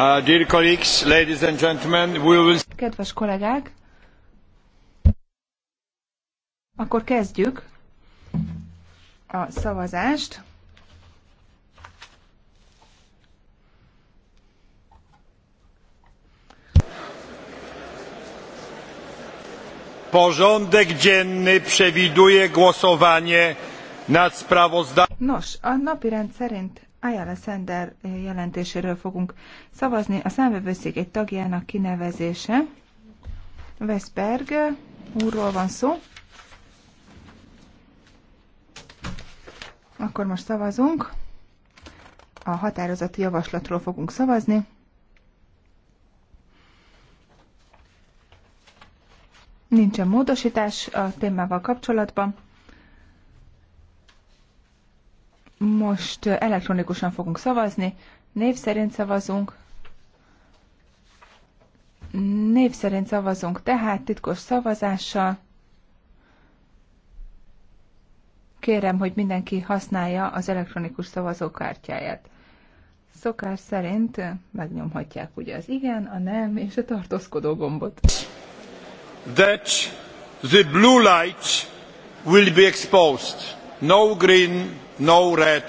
Uh, Kedves kollégák, akkor kezdjük a szavazást. Porządek dzienny przewiduje głosowanie nad sprawozdaniem. Nos, a napirend szerint Ayala Sender jelentéséről fogunk szavazni. A számvevőszék egy tagjának kinevezése. Veszberg úrról van szó. Akkor most szavazunk. A határozati javaslatról fogunk szavazni. Nincsen módosítás a témával kapcsolatban. Most elektronikusan fogunk szavazni. Név szerint szavazunk. Név szerint szavazunk, tehát titkos szavazással. Kérem, hogy mindenki használja az elektronikus szavazókártyáját. Szokás szerint megnyomhatják ugye az igen, a nem és a tartózkodó gombot. That the blue light will be exposed. No green no red,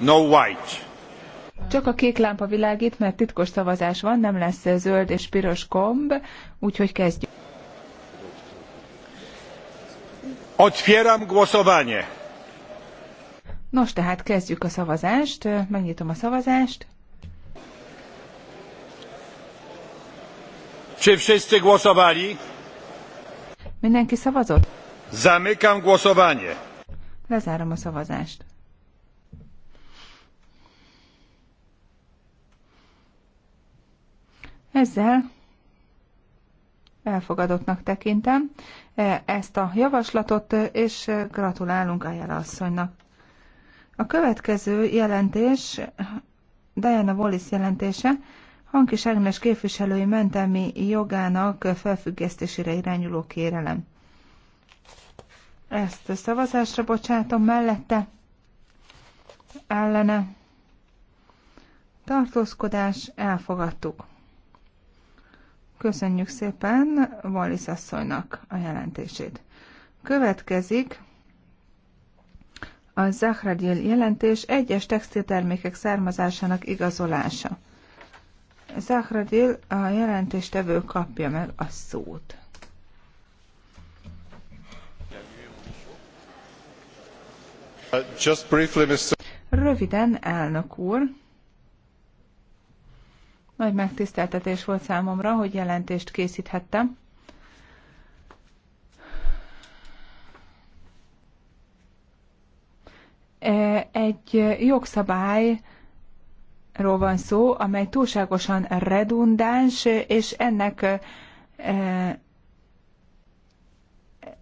no white. Csak a kék lámpa világít, mert titkos szavazás van, nem lesz zöld és piros komb, úgyhogy kezdjük. Otwieram głosowanie. Nos, tehát kezdjük a szavazást. Megnyitom a szavazást. Czy wszyscy głosowali? Mindenki szavazott? Zamykam głosowanie. Lezárom a szavazást. Ezzel elfogadottnak tekintem e, ezt a javaslatot, és gratulálunk Ayala asszonynak. A következő jelentés, Diana Wallis jelentése, Hankis Ágnes képviselői mentelmi jogának felfüggesztésére irányuló kérelem. Ezt szavazásra bocsátom mellette, ellene. Tartózkodás, elfogadtuk. Köszönjük szépen Wallis asszonynak a jelentését. Következik a Zahradil jelentés egyes textiltermékek származásának igazolása. Zahradil a jelentéstevő kapja meg a szót. Uh, just briefly, Mr. Röviden, elnök úr. Nagy megtiszteltetés volt számomra, hogy jelentést készíthettem. E, egy jogszabályról van szó, amely túlságosan redundáns, és ennek e,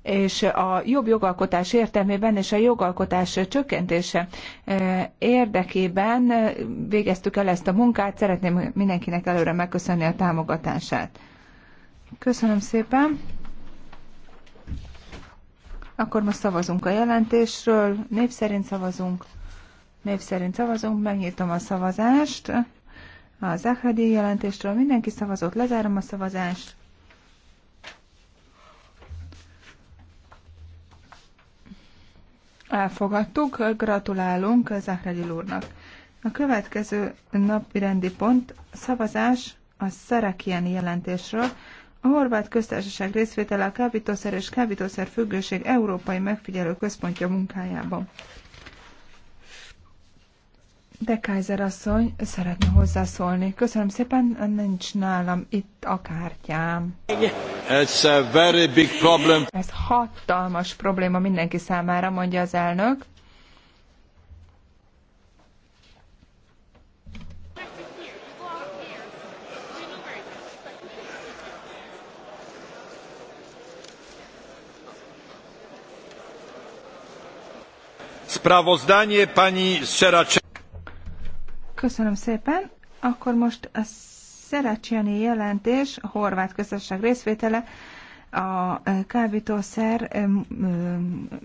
és a jobb jogalkotás értelmében és a jogalkotás csökkentése eh, érdekében eh, végeztük el ezt a munkát. Szeretném mindenkinek előre megköszönni a támogatását. Köszönöm szépen. Akkor most szavazunk a jelentésről. Név szerint szavazunk. Név szerint szavazunk. Megnyitom a szavazást. A Zahadi jelentésről mindenki szavazott. Lezárom a szavazást. Elfogadtuk, gratulálunk Zahradil úrnak. A következő napi rendi pont szavazás a Szerekieni jelentésről, a Horvát Köztársaság részvétele a kábítószer és kábítószer függőség Európai Megfigyelő Központja munkájában. De Kaiser asszony szeretne hozzászólni. Köszönöm szépen, nincs nálam itt a kártyám. It's a very big problem. Ez hatalmas probléma mindenki számára, mondja az elnök. Sprawozdanie pani Szeracze. Köszönöm szépen. Akkor most a Szerecsiani jelentés, a horvát közösség részvétele, a kábítószer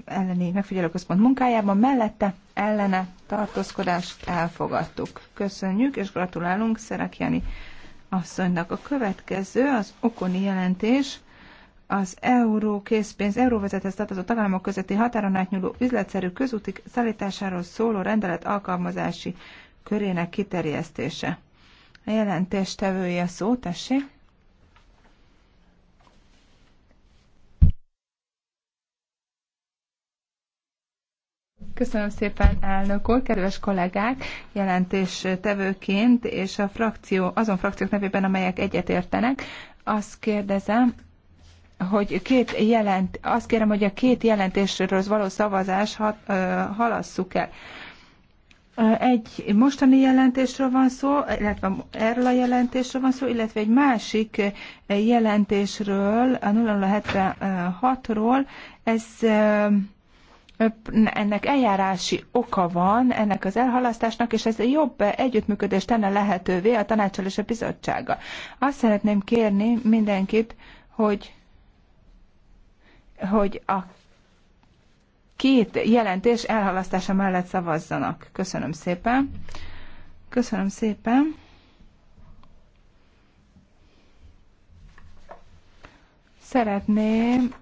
elleni megfigyelőközpont munkájában mellette ellene tartózkodást elfogadtuk. Köszönjük és gratulálunk Szerekjani asszonynak. A következő az okoni jelentés az euró készpénz euróvezethez tartozó tagállamok közötti határon átnyúló üzletszerű közúti szállításáról szóló rendelet alkalmazási körének kiterjesztése. A jelentés tevője szó, tessék. Köszönöm szépen, elnök úr, kedves kollégák, jelentéstevőként és a frakció, azon frakciók nevében, amelyek egyetértenek, azt kérdezem, hogy két jelent, azt kérem, hogy a két jelentésről való szavazás hat, ö, halasszuk el. Egy mostani jelentésről van szó, illetve erről a jelentésről van szó, illetve egy másik jelentésről, a 0076-ról. Ez ennek eljárási oka van, ennek az elhalasztásnak, és ez jobb együttműködést tenne lehetővé a tanácsal és a bizottsága. Azt szeretném kérni mindenkit, hogy, hogy a két jelentés elhalasztása mellett szavazzanak. Köszönöm szépen. Köszönöm szépen. Szeretném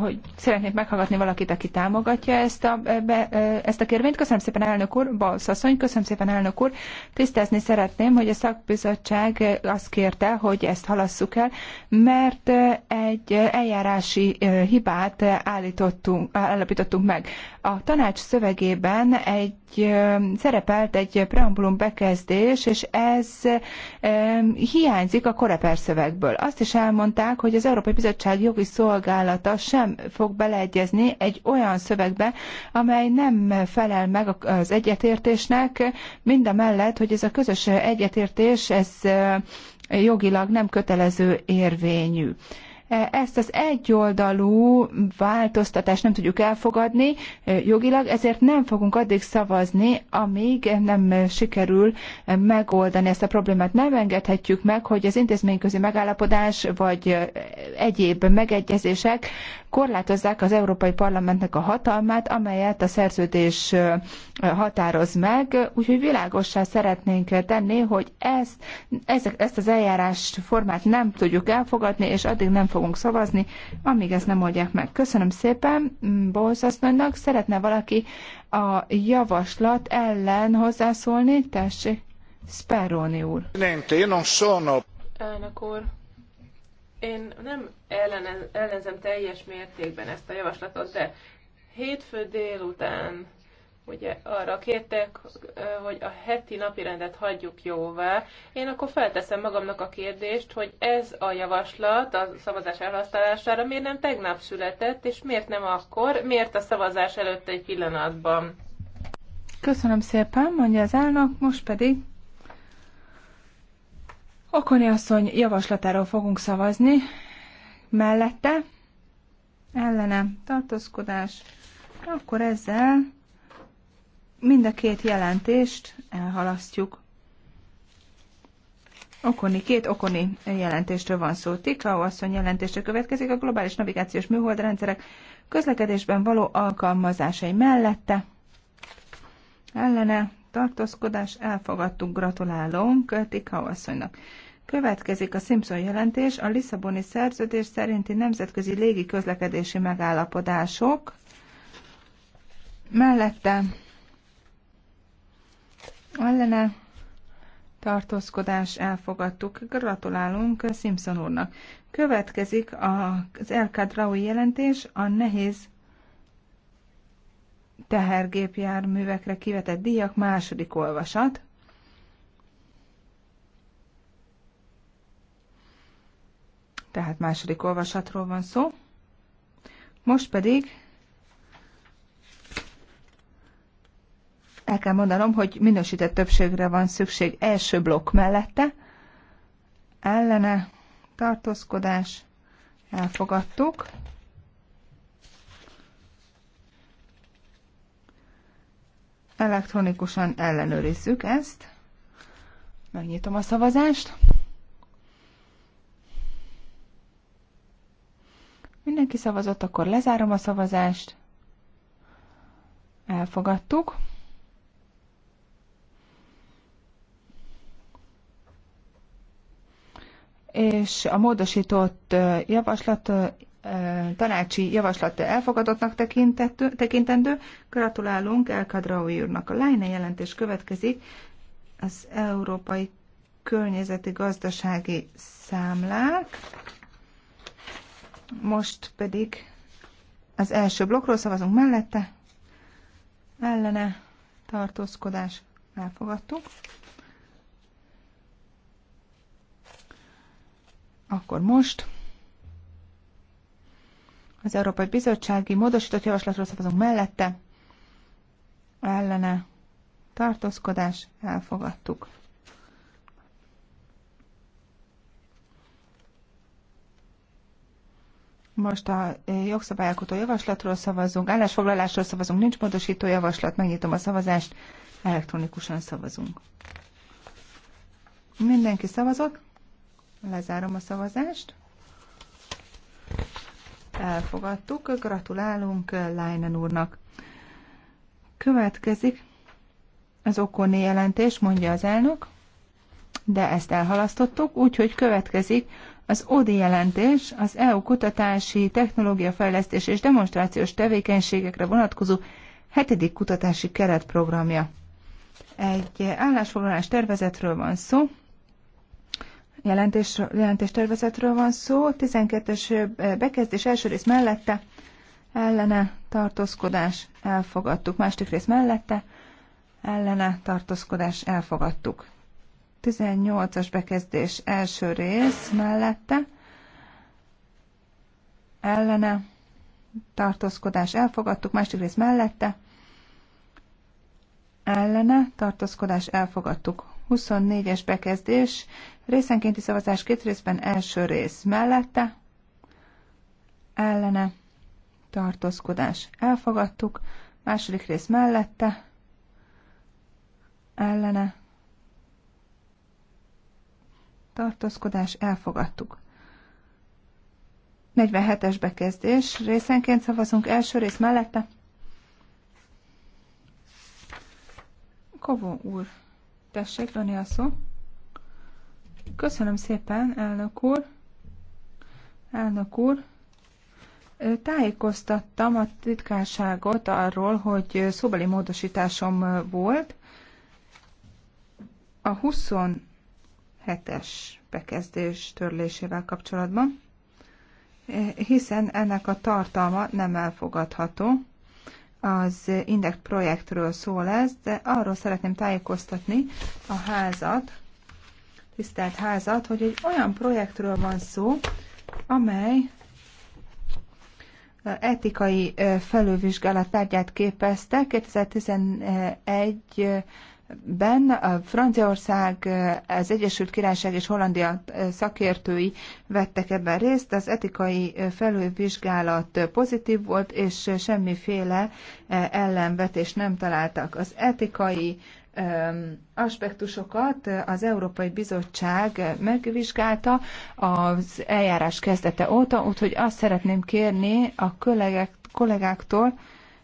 hogy szeretnék meghallgatni valakit, aki támogatja ezt a, be, ezt a kérvényt. Köszönöm szépen, elnök úr, Balszaszony, köszönöm szépen, elnök úr. Tisztázni szeretném, hogy a szakbizottság azt kérte, hogy ezt halasszuk el, mert egy eljárási hibát állítottunk, állapítottunk meg. A tanács szövegében egy szerepelt egy preambulum bekezdés, és ez hiányzik a koreper szövegből. Azt is elmondták, hogy az Európai Bizottság jogi szolgálata sem fog beleegyezni egy olyan szövegbe, amely nem felel meg az egyetértésnek, mind a mellett, hogy ez a közös egyetértés, ez jogilag nem kötelező érvényű. Ezt az egyoldalú változtatást nem tudjuk elfogadni jogilag, ezért nem fogunk addig szavazni, amíg nem sikerül megoldani ezt a problémát. Nem engedhetjük meg, hogy az intézményközi megállapodás vagy egyéb megegyezések korlátozzák az Európai Parlamentnek a hatalmát, amelyet a szerződés határoz meg, úgyhogy világossá szeretnénk tenni, hogy ezt, ezt az eljárás formát nem tudjuk elfogadni, és addig nem fog fogunk szavazni, amíg ezt nem oldják meg. Köszönöm szépen mm, Bolsz Szeretne valaki a javaslat ellen hozzászólni? Tessék, Sperroni úr. Elnök úr, én nem ellenzem teljes mértékben ezt a javaslatot, de hétfő délután ugye arra kértek, hogy a heti rendet hagyjuk jóvá. Én akkor felteszem magamnak a kérdést, hogy ez a javaslat a szavazás elhasználására miért nem tegnap született, és miért nem akkor, miért a szavazás előtt egy pillanatban. Köszönöm szépen, mondja az elnök, most pedig Okoni asszony javaslatáról fogunk szavazni. Mellette ellene tartózkodás. Akkor ezzel mind a két jelentést elhalasztjuk. Okoni, két okoni jelentéstől van szó. Tikau asszony jelentésre következik a globális navigációs műholdrendszerek közlekedésben való alkalmazásai mellette. Ellene tartózkodás elfogadtuk, gratulálunk Tikau asszonynak. Következik a Simpson jelentés, a Lisszaboni szerződés szerinti nemzetközi légi közlekedési megállapodások. Mellette ellene tartózkodás elfogadtuk. Gratulálunk Simpson úrnak. Következik az El Draui jelentés a nehéz tehergépjárművekre kivetett díjak második olvasat. Tehát második olvasatról van szó. Most pedig el kell mondanom, hogy minősített többségre van szükség első blokk mellette. Ellene tartózkodás elfogadtuk. Elektronikusan ellenőrizzük ezt. Megnyitom a szavazást. Mindenki szavazott, akkor lezárom a szavazást. Elfogadtuk. és a módosított javaslat, tanácsi javaslat elfogadottnak tekintendő. Gratulálunk Elkadraui úrnak. A Leine jelentés következik az Európai Környezeti Gazdasági Számlák. Most pedig az első blokkról szavazunk mellette, ellene tartózkodás elfogadtuk. Akkor most az Európai Bizottsági módosított javaslatról szavazunk mellette, ellene tartózkodás, elfogadtuk. Most a jogszabályalkotó javaslatról szavazunk, állásfoglalásról szavazunk, nincs módosító javaslat, megnyitom a szavazást, elektronikusan szavazunk. Mindenki szavazott? Lezárom a szavazást. Elfogadtuk. Gratulálunk Leinen úrnak. Következik az okoni jelentés, mondja az elnök, de ezt elhalasztottuk, úgyhogy következik az ODI jelentés az EU kutatási, technológiafejlesztés és demonstrációs tevékenységekre vonatkozó hetedik kutatási keretprogramja. Egy állásfoglalás tervezetről van szó, jelentés, jelentéstervezetről van szó. 12-es bekezdés első rész mellette ellene tartózkodás elfogadtuk. Második rész mellette ellene tartózkodás elfogadtuk. 18-as bekezdés első rész mellette ellene tartózkodás elfogadtuk. Második rész mellette ellene tartózkodás elfogadtuk. 24-es bekezdés, részenkénti szavazás két részben, első rész mellette, ellene, tartózkodás elfogadtuk, második rész mellette, ellene, tartózkodás elfogadtuk. 47-es bekezdés, részenként szavazunk első rész mellette. Kovó úr Tessék, Rani a szó. Köszönöm szépen, elnök úr. Elnök úr, tájékoztattam a titkárságot arról, hogy szóbeli módosításom volt. A 27-es bekezdés törlésével kapcsolatban, hiszen ennek a tartalma nem elfogadható az Index projektről szól ez, de arról szeretném tájékoztatni a házat, tisztelt házat, hogy egy olyan projektről van szó, amely etikai felülvizsgálat tárgyát képezte 2011 Ben a Franciaország, az Egyesült Királyság és Hollandia szakértői vettek ebben részt. Az etikai felülvizsgálat pozitív volt, és semmiféle eh, ellenvetést nem találtak. Az etikai aspektusokat az Európai Bizottság megvizsgálta az eljárás kezdete óta, úgyhogy azt szeretném kérni a kollégák, kollégáktól,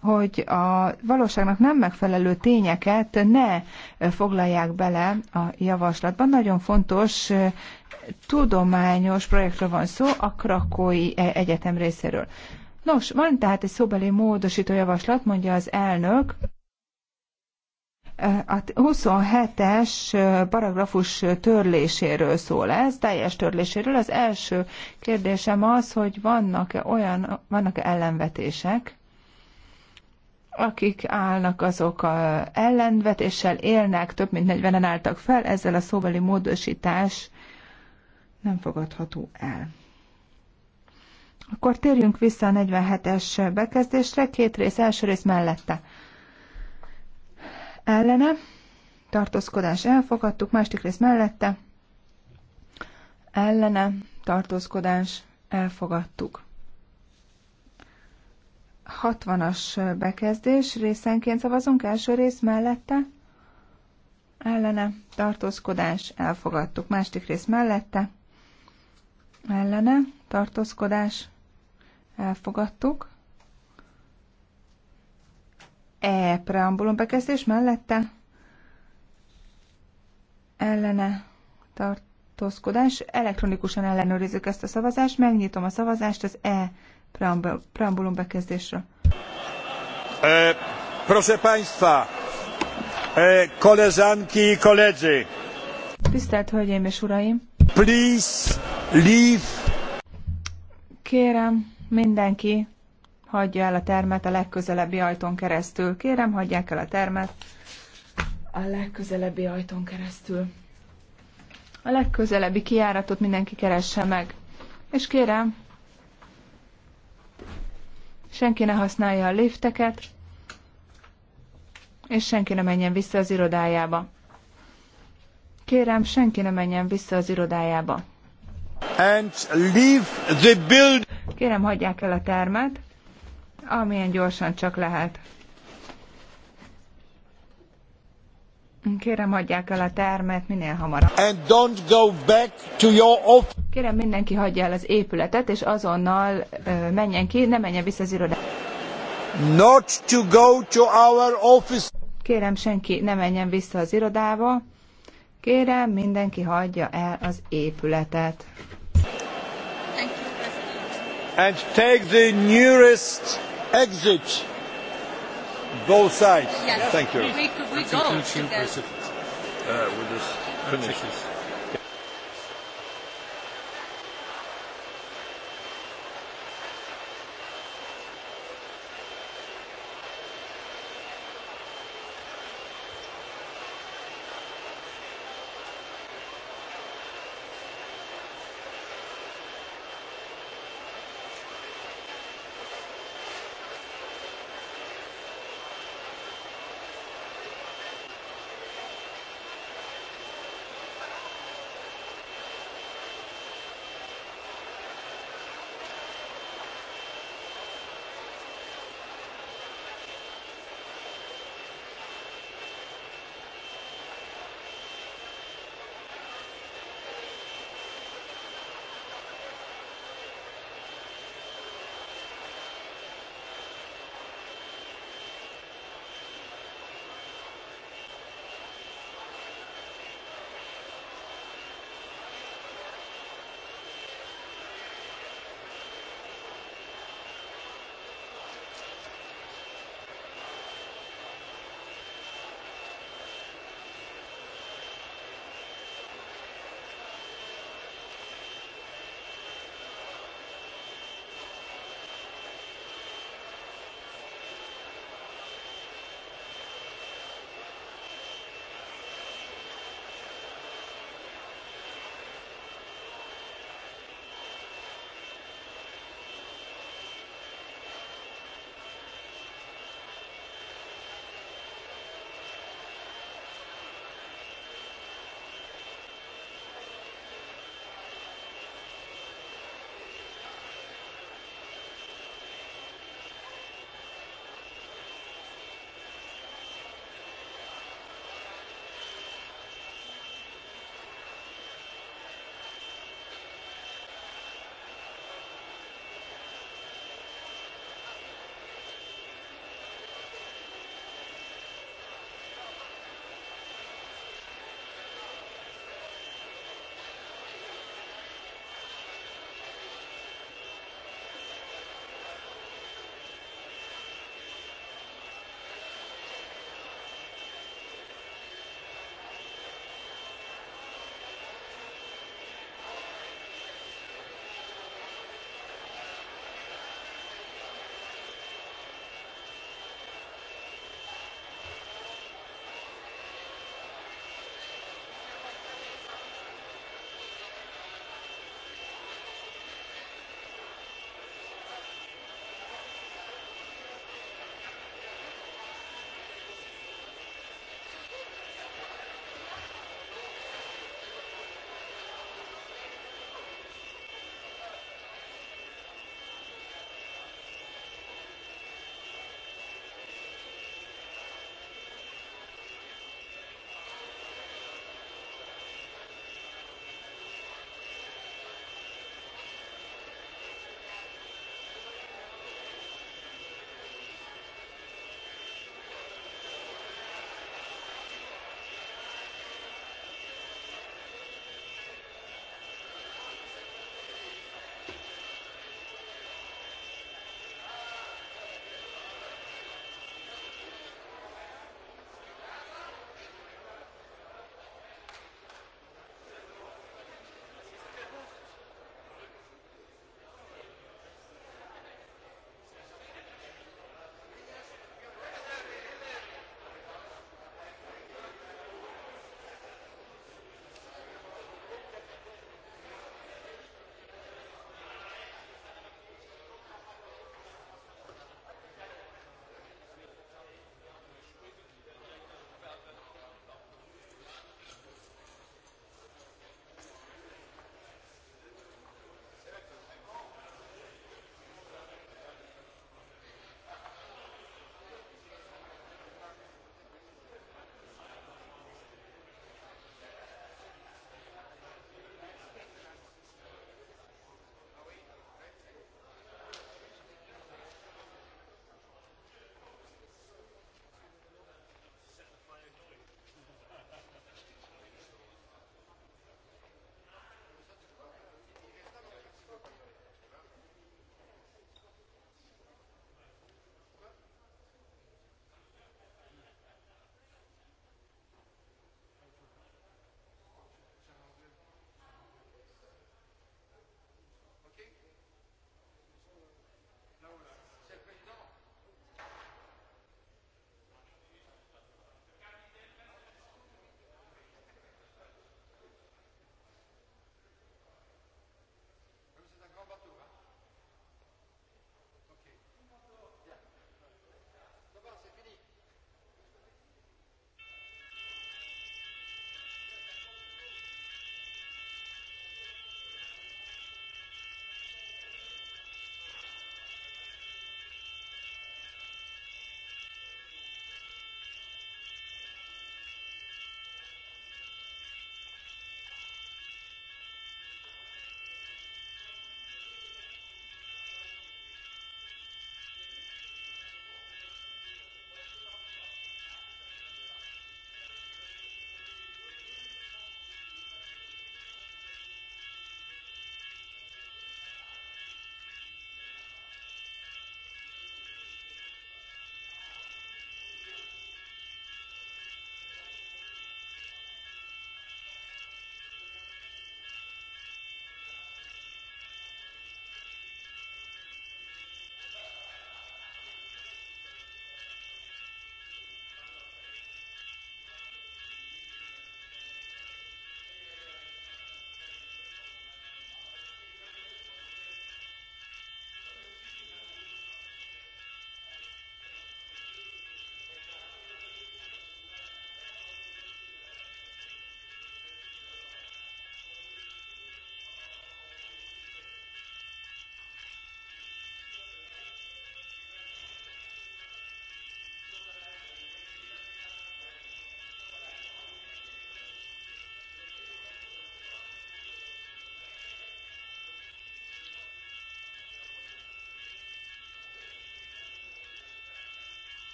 hogy a valóságnak nem megfelelő tényeket ne foglalják bele a javaslatban. Nagyon fontos tudományos projektről van szó a Krakói Egyetem részéről. Nos, van tehát egy szóbeli módosító javaslat, mondja az elnök. A 27-es paragrafus törléséről szól ez, teljes törléséről. Az első kérdésem az, hogy vannak-e olyan, vannak-e ellenvetések? akik állnak, azok a ellenvetéssel élnek, több mint 40-en álltak fel, ezzel a szóbeli módosítás nem fogadható el. Akkor térjünk vissza a 47-es bekezdésre, két rész, első rész mellette. Ellene, tartózkodás elfogadtuk, másik rész mellette. Ellene, tartózkodás elfogadtuk. 60-as bekezdés, részenként szavazunk, első rész mellette, ellene, tartózkodás, elfogadtuk. másik rész mellette, ellene, tartózkodás, elfogadtuk. E preambulum bekezdés mellette, ellene, tartózkodás, elektronikusan ellenőrizzük ezt a szavazást, megnyitom a szavazást az E preambulum bekezdésre. E, proszę Państwa, e, koleżanki i koledzy. Tisztelt Hölgyeim és Uraim! Please leave. Kérem, mindenki hagyja el a termet a legközelebbi ajtón keresztül. Kérem, hagyják el a termet a legközelebbi ajtón keresztül. A legközelebbi kiáratot mindenki keresse meg. És kérem, senki ne használja a lifteket, és senki ne menjen vissza az irodájába. Kérem, senki ne menjen vissza az irodájába. And leave the build. Kérem, hagyják el a termet, amilyen gyorsan csak lehet. Kérem, hagyják el a termet minél hamarabb. And don't go back to your Kérem, mindenki hagyja el az épületet, és azonnal uh, menjen ki, ne menjen vissza az irodába. Not to go to our office. Kérem, senki ne menjen vissza az irodába. Kérem, mindenki hagyja el az épületet. And take the nearest exit both sides. Yes. Thank you. We, we go. Uh, we'll just finish this.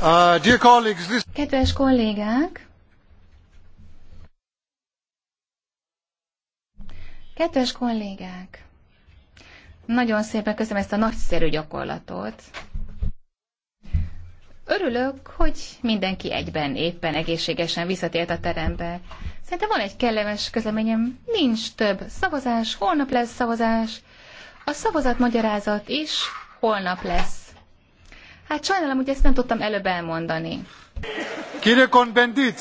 Uh, Kedves kollégák! Kedves kollégák! Nagyon szépen köszönöm ezt a nagyszerű gyakorlatot. Örülök, hogy mindenki egyben éppen egészségesen visszatért a terembe. Szerintem van egy kellemes közleményem, nincs több szavazás, holnap lesz szavazás. A szavazatmagyarázat is holnap lesz. Hát sajnálom, hogy ezt nem tudtam előbb elmondani. Kire Kohn-Bendit?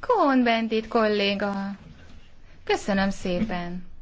Kohn-Bendit kolléga. Köszönöm szépen.